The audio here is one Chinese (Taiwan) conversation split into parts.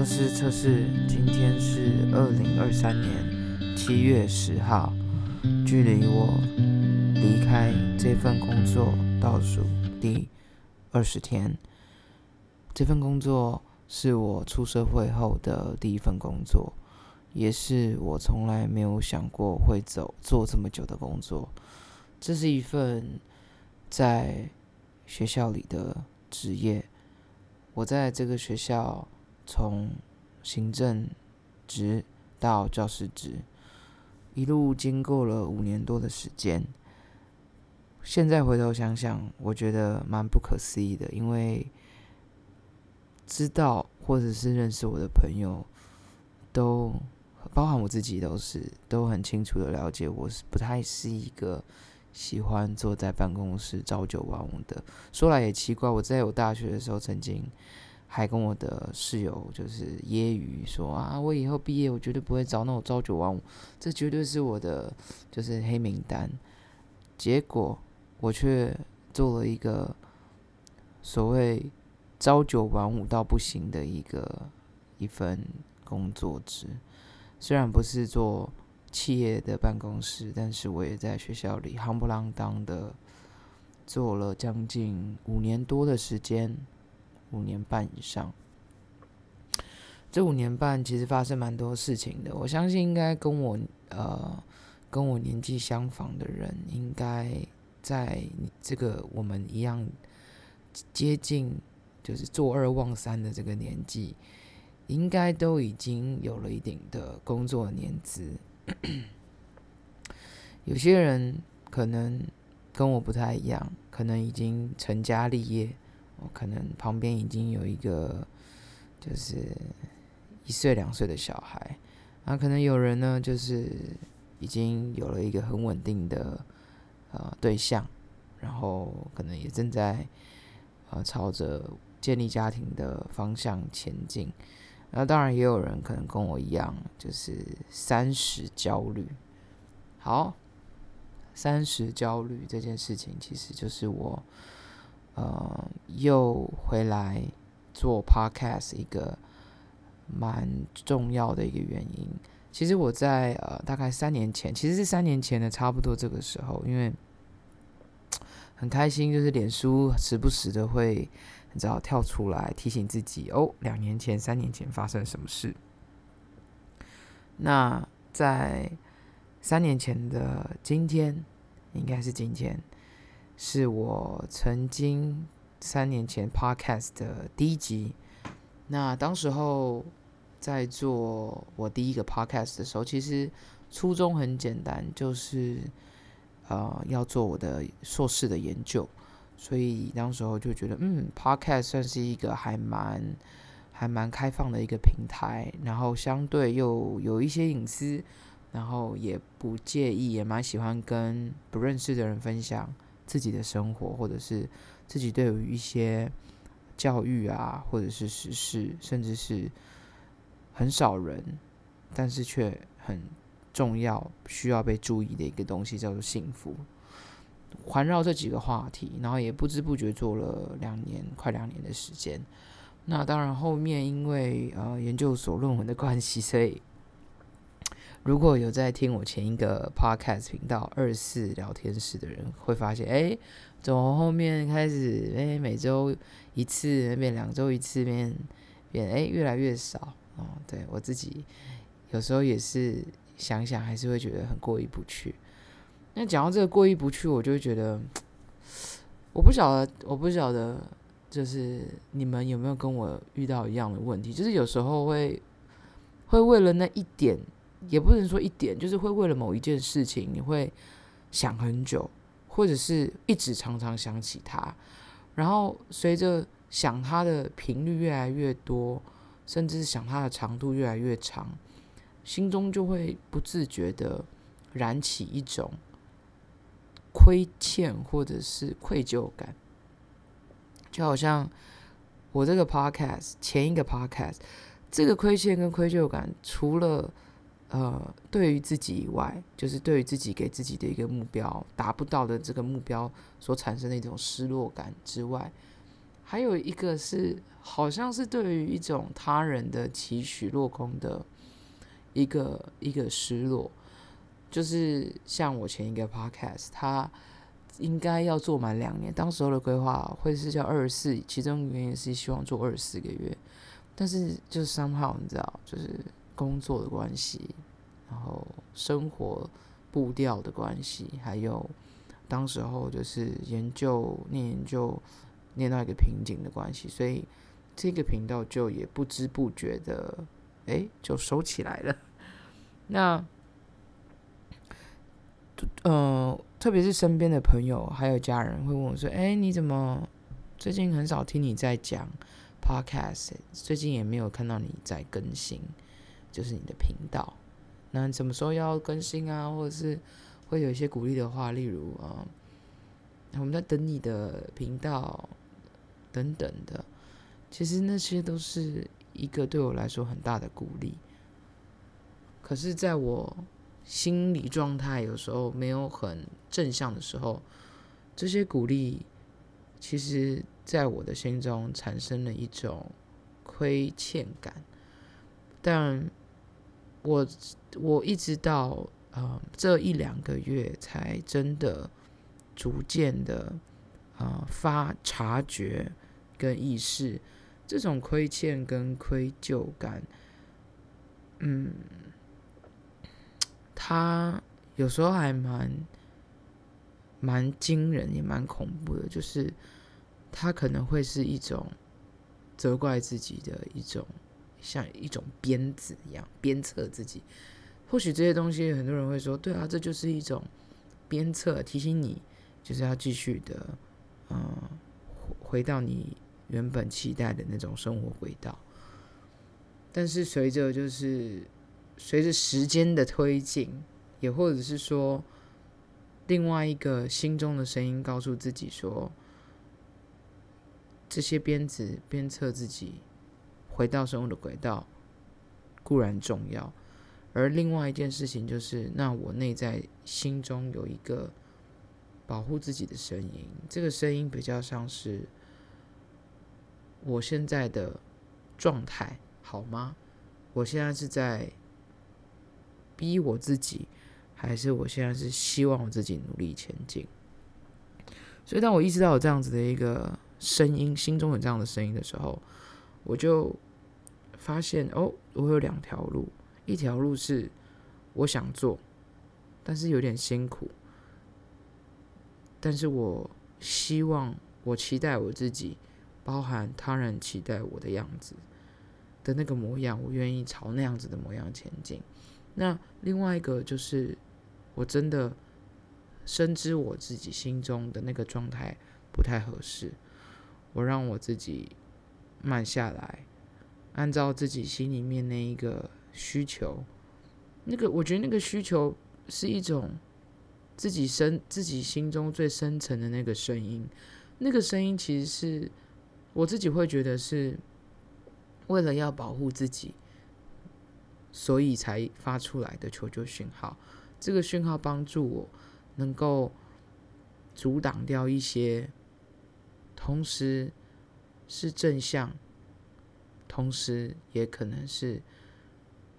測試測試。今天是二零二三年七月十號，距離我離開這份工作倒數第二十天。這份工作是我出社會後的第一份工作，也是我從來沒有想過會走做這麼久的工作。這是一份在學校裡的職業，我在這個學校。從行政職到教師職，一路經過了五年多的時間。現在回頭想想，我覺得蠻不可思議的，因為知道或者是認識我的朋友，都包含我自己，都是都很清楚的了解，我是不太是一個喜歡坐在辦公室朝九晚五的。說來也奇怪，我在我大學的時候曾經。還跟我的室友就是揶揄說啊，我以後畢業，我絕對不會找那種朝九晚五，這絕對是我的就是黑名單。結果我卻做了一個所謂朝九晚五到不行的一個一份工作職，雖然不是做企業的辦公室，但是我也在學校裡夯不啷當的做了將近五年多的時間。五年半以上，這五年半其實發生蠻多事情的。我相信應該跟我呃跟我年紀相仿的人，應該在這個我們一樣接近，就是坐二望三的這個年紀，應該都已經有了一定的工作年資。 有些人可能跟我不太一樣，可能已經成家立業。可能旁邊已經有一個，就是一歲兩歲的小孩，那可能有人呢，就是已經有了一個很穩定的呃對象，然後可能也正在呃朝着建立家庭的方向前進，那當然也有人可能跟我一樣，就是三十焦慮。好，三十焦慮這件事情，其實就是我。呃，又回來做 podcast 一個蠻重要的一個原因。其實我在呃大概三年前，其實是三年前的差不多這個時候，因為很開心，就是臉書時不時的會，你知道，跳出來提醒自己哦，兩年前、三年前發生什麼事。那在三年前的今天，應該是今天。是我曾經三年前 podcast 的第一集。那當時候在做我第一個 podcast 的時候，其實初衷很簡單，就是呃要做我的碩士的研究。所以當時候就覺得，嗯，podcast 算是一個還蠻還蠻開放的一個平台，然後相對又有一些隱私，然後也不介意，也蠻喜歡跟不認識的人分享。自己的生活，或者是自己對於一些教育啊，或者是時事，甚至是很少人，但是卻很重要、需要被注意的一個東西，叫做幸福。環繞這幾個話題，然後也不知不覺做了兩年，快兩年的時間。那當然，後面因為呃研究所論文的關係，所以。如果有在聽我前一個 podcast 頻道二四聊天室的人，會發現，哎，從後面開始，哎，每周一次變每兩周一次變變，哎，越來越少。哦，對，我自己有時候也是想想，還是會覺得很過意不去。那講到這個過意不去，我就會覺得我不曉得，我不曉得，就是你們有沒有跟我遇到一樣的問題？就是有時候會會為了那一點。也不能說一點，就是會為了某一件事情，你會想很久，或者是一直常常想起它。然後隨着想它的頻率越來越多，甚至是想它的長度越來越長，心中就會不自覺地燃起一種虧欠或者是愧疚感。就好像我這個 podcast，前一個 podcast，這個虧欠跟愧疚感除了，呃，對於自己以外，就是對於自己給自己的一個目標達不到的這個目標所產生的一種失落感之外，還有一個是，好像是對於一種他人的期許落空的一個一個失落。就是像我前一個 podcast，他應該要做滿兩年，當時候的規劃會是叫二十四，其中原因是希望做二十四個月，但是就是 somehow，你知道，就是。工作的關係，然後生活步調的關係，還有當時候就是研究念研究念到一個瓶頸的關係，所以這個頻道就也不知不覺的，哎，就收起來了。那，呃，特別是身邊的朋友還有家人會問我說：“哎，你怎麼最近很少聽你在講 Podcast？最近也沒有看到你在更新。”就是你的頻道，那什麼時候要更新啊？或者是會有一些鼓勵的話，例如啊、嗯，我們在等你的頻道等等的。其實那些都是一個對我來說很大的鼓勵。可是，在我心理狀態有時候沒有很正向的時候，這些鼓勵其實，在我的心中產生了一種虧欠感，但。我我一直到呃這一兩個月才真的逐漸的呃發察覺跟意識這種虧欠跟愧疚感，嗯，它有時候還蠻蠻驚人也蠻恐怖的，就是它可能會是一種責怪自己的一種。像一種鞭子一樣鞭策自己，或許這些東西很多人會說：“對啊，這就是一種鞭策，提醒你就是要繼續的，嗯，回回到你原本期待的那種生活軌道。”但是隨着就是隨着時間的推進，也或者是說另外一個心中的聲音告訴自己說：“這些鞭子鞭策自己。”回到生活的軌道固然重要，而另外一件事情就是，那我內在心中有一個保護自己的聲音，這個聲音比較像是我現在的狀態好嗎？我現在是在逼我自己，還是我現在是希望我自己努力前進？所以，當我意識到有這樣子的一個聲音，心中有這樣的聲音的時候。我就發現哦，我有兩條路，一條路是我想做，但是有點辛苦，但是我希望我期待我自己，包含他人期待我的樣子的那個模樣，我願意朝那樣子的模樣前進。那另外一個就是，我真的深知我自己心中的那個狀態不太合適，我讓我自己。慢下來，按照自己心裡面那一個需求，那個我覺得那個需求是一種自己深、自己心中最深層的那個聲音。那個聲音其實是我自己會覺得是為了要保護自己，所以才發出來的求救訊號。這個訊號幫助我能夠阻擋掉一些，同時。是正向，同時也可能是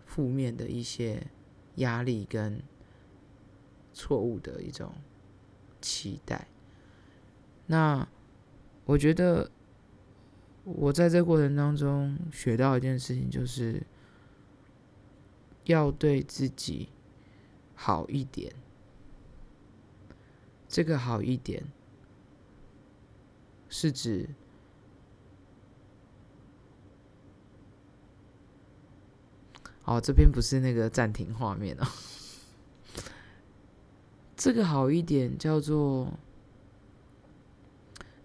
負面的一些壓力跟錯誤的一種期待。那我覺得我在這過程當中學到一件事情，就是要對自己好一點。這個好一點是指。哦，這邊不是那個暫停畫面哦。 這個好一點，叫做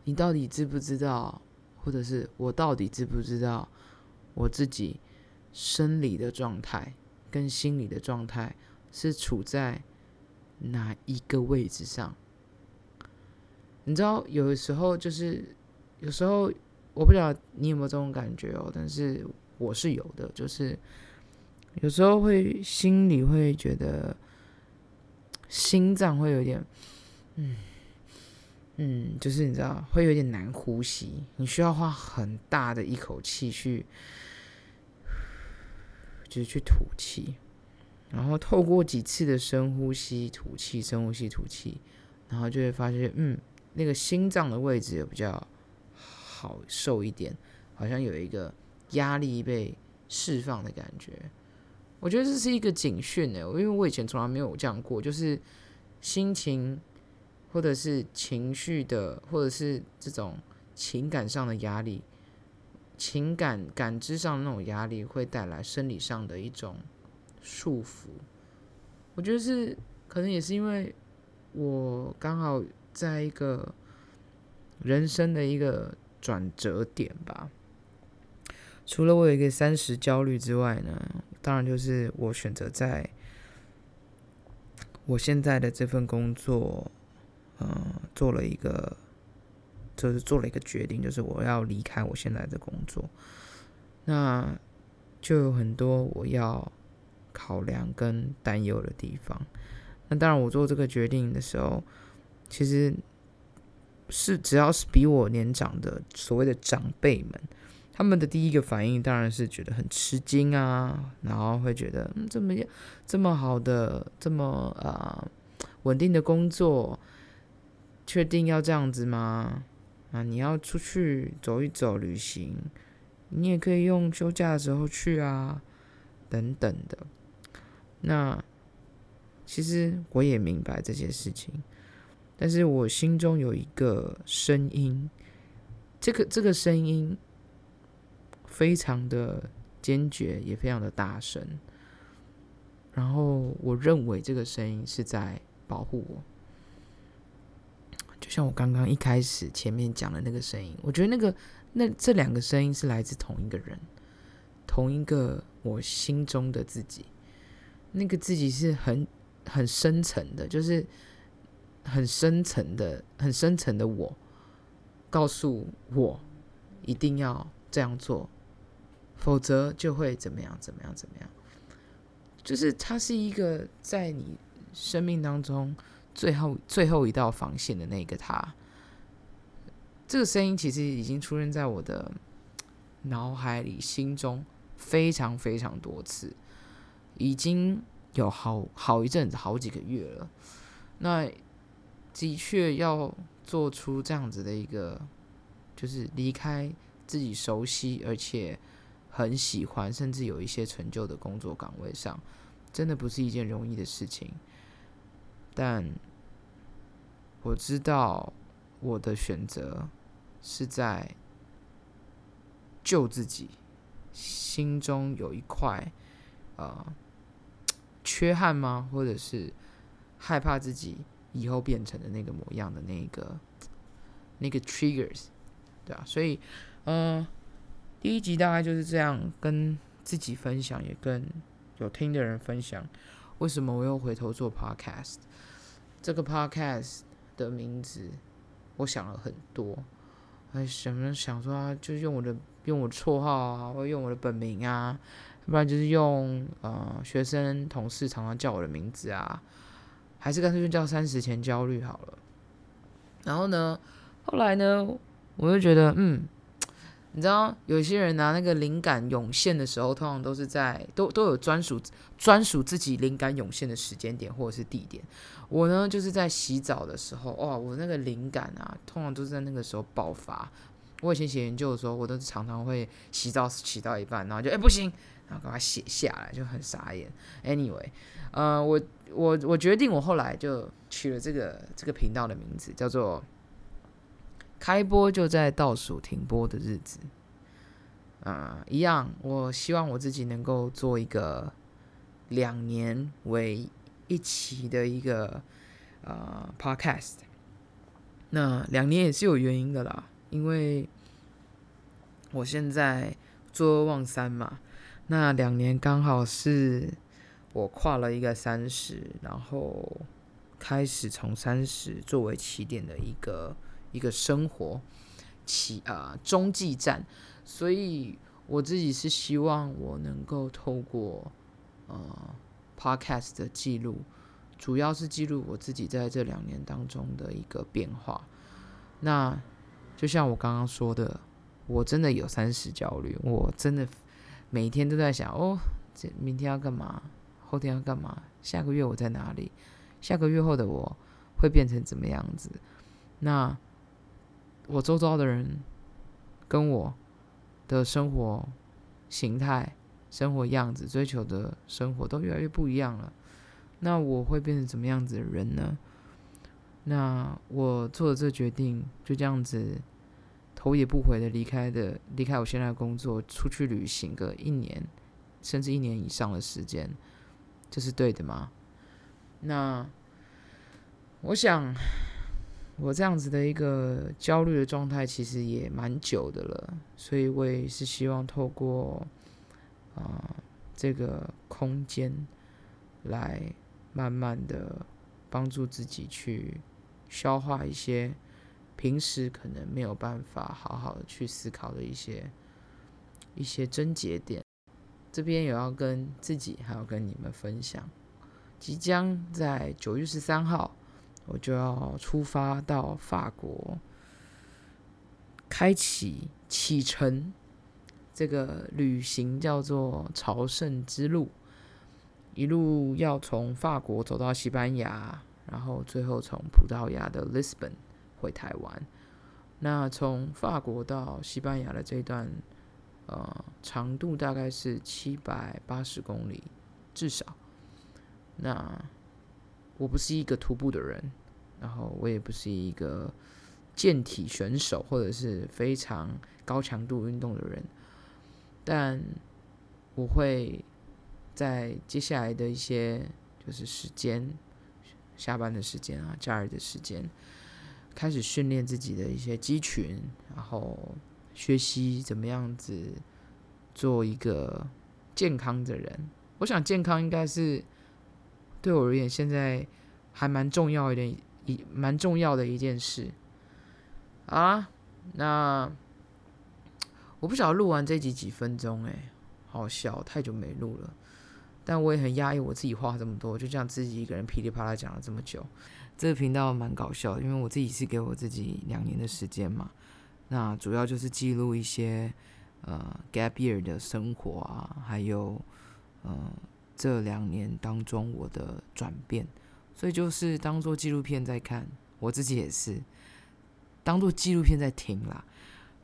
你到底知不知道，或者是我到底知不知道我自己生理的狀態跟心理的狀態是處在哪一個位置上？你知道，有時候就是有時候，我不曉得你有沒有這種感覺哦，但是我是有的，就是。有時候會心裡會覺得心臟會有點嗯，嗯嗯，就是你知道會有點難呼吸，你需要花很大的一口氣去，就是去吐氣，然後透過幾次的深呼吸吐氣，深呼吸吐氣，然後就會發現嗯，那個心臟的位置也比較好受一點，好像有一個壓力被釋放的感覺。我覺得這是一個警訊呢，因為我以前從來沒有這樣過，就是心情或者是情緒的，或者是這種情感上的壓力，情感感知上的那種壓力，會帶來生理上的一種束縛。我覺得是可能也是因為我剛好在一個人生的一個轉折點吧。除了我有一個三十焦慮之外呢。當然，就是我選擇在我現在的這份工作，嗯、呃，做了一個，就是做了一個決定，就是我要離開我現在的工作。那就有很多我要考量跟擔憂的地方。那當然，我做這個決定的時候，其實是只要是比我年長的所謂的長輩們。他們的第一個反應當然是覺得很吃驚啊，然後會覺得，嗯，怎麼樣？這麼好的，這麼啊穩定的工作，確定要這樣子嗎？啊，你要出去走一走，旅行，你也可以用休假的時候去啊，等等的。那其實我也明白這件事情，但是我心中有一個聲音，這個這個聲音。非常的堅決，也非常的大聲。然後我認為這個聲音是在保護我，就像我剛剛一開始前面講的那個聲音，我覺得那個那這兩個聲音是來自同一個人，同一個我心中的自己。那個自己是很很深沉的，就是很深沉的、很深層的我，告訴我一定要這樣做。否則就會怎麼樣？怎麼樣？怎麼樣？就是他是一個在你生命當中最後最後一道防線的那個他。這個聲音其實已經出現在我的腦海裡、心中非常非常多次，已經有好好一陣子、好幾個月了。那的確要做出這樣子的一個，就是離開自己熟悉而且。很喜歡，甚至有一些成就的工作崗位上，真的不是一件容易的事情。但我知道我的選擇是在救自己，心中有一塊呃缺憾嗎？或者是害怕自己以後變成的那個模樣的那個那個 triggers，對啊。所以，嗯、呃。第一集大概就是這樣，跟自己分享，也跟有聽的人分享，為什麼我又回頭做 podcast？這個 podcast 的名字，我想了很多，哎，想想說啊，就用我的，用我綽號啊，或用我的本名啊，不然就是用呃學生同事常常叫我的名字啊，還是乾脆就叫三十前焦慮好了。然後呢，後來呢，我就覺得嗯。你知道有些人拿、啊、那個靈感湧現的時候，通常都是在都都有專屬專屬自己靈感湧現的時間點或者是地點。我呢，就是在洗澡的時候，哇，我那個靈感啊，通常都是在那個時候爆發。我以前寫研究的時候，我都是常常會洗澡洗到一半，然後就誒、欸、不行，然後把它寫下來，就很傻眼。Anyway，呃，我我我決定，我後來就取了這個這個頻道的名字，叫做。開播就在倒數停播的日子，啊、呃，一樣。我希望我自己能夠做一個兩年為一期的一個呃 podcast。那兩年也是有原因的啦，因為我現在做望三嘛，那兩年剛好是我跨了一個三十，然後開始從三十作為起點的一個。一個生活起啊，呃，中繼站，所以我自己是希望我能夠透過呃 podcast 的記錄，主要是記錄我自己在這兩年當中的一個變化。那就像我剛剛說的，我真的有三十焦慮，我真的每天都在想哦，明天要幹嘛，後天要幹嘛，下個月我在哪裡，下個月後的我會變成怎麼樣子？那我周遭的人，跟我的生活形態、生活樣子、追求的生活都越來越不一樣了。那我會變成怎麼樣子的人呢？那我做了這決定，就這樣子頭也不回的離開的，離開我現在的工作，出去旅行個一年，甚至一年以上的時間，這是對的嗎？那我想。我這樣子的一個焦慮的狀態，其實也蠻久的了，所以我也是希望透過啊、呃、這個空間來慢慢的幫助自己去消化一些平時可能沒有辦法好好的去思考的一些一些症結點。這邊也要跟自己還要跟你們分享，即將在九月十三號。我就要出發到法國，開啟啟程這個旅行，叫做朝聖之路。一路要從法國走到西班牙，然後最後從葡萄牙的里斯本回台灣。那從法國到西班牙的這段，呃，長度大概是七百八十公里，至少那。我不是一個徒步的人，然後我也不是一個健體選手，或者是非常高強度運動的人。但我會在接下來的一些就是時間，下班的時間啊，假日的時間，開始訓練自己的一些肌群，然後學習怎麼樣子做一個健康的人。我想健康應該是。對我而言，現在還蠻重要一點，一蠻重要的一件事。啊，那我不曉得錄完這集幾分鐘哎、欸，好笑，太久沒錄了。但我也很壓抑我自己，話這麼多，就這樣自己一個人噼里啪啦講了這麼久。這個頻道蠻搞笑的，因為我自己是給我自己兩年的時間嘛。那主要就是記錄一些呃 Gap year 的生活啊，還有嗯。呃這兩年當中我的轉變，所以就是當做紀錄片在看，我自己也是當做紀錄片在聽啦。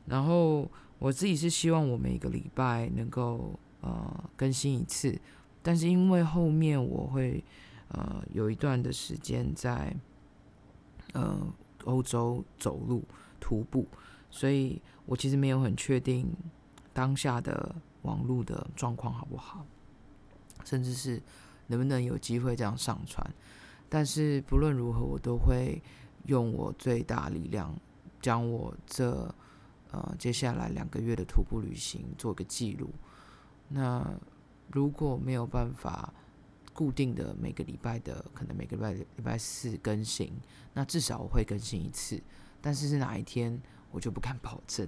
然後我自己是希望我每個禮拜能夠呃更新一次，但是因為後面我會呃有一段的時間在、呃、歐洲走路徒步，所以我其實沒有很確定當下的網絡的狀況好不好。甚至是能不能有機會這樣上傳？但是不論如何，我都會用我最大力量將我這呃接下來兩個月的徒步旅行做個記錄。那如果沒有辦法固定的每個禮拜的，可能每個禮拜禮拜四更新，那至少我會更新一次。但是是哪一天，我就不敢保證。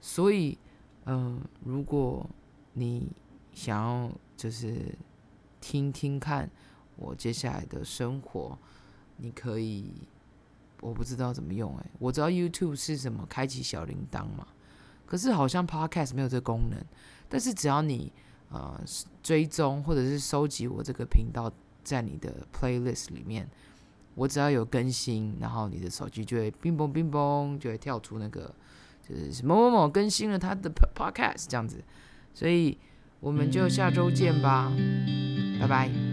所以，嗯、呃，如果你想要，就是聽聽看我接下來的生活，你可以我不知道怎麼用哎、欸，我知道 YouTube 是什麼，開啟小鈴鐺嘛。可是好像 Podcast 沒有這個功能，但是只要你呃追蹤或者是收集我這個頻道在你的 Playlist 裡面，我只要有更新，然後你的手機就會 bing bing bing bing 就會跳出那個就是某某某更新了他的 Podcast 這樣子，所以。我們就下周見吧，拜拜。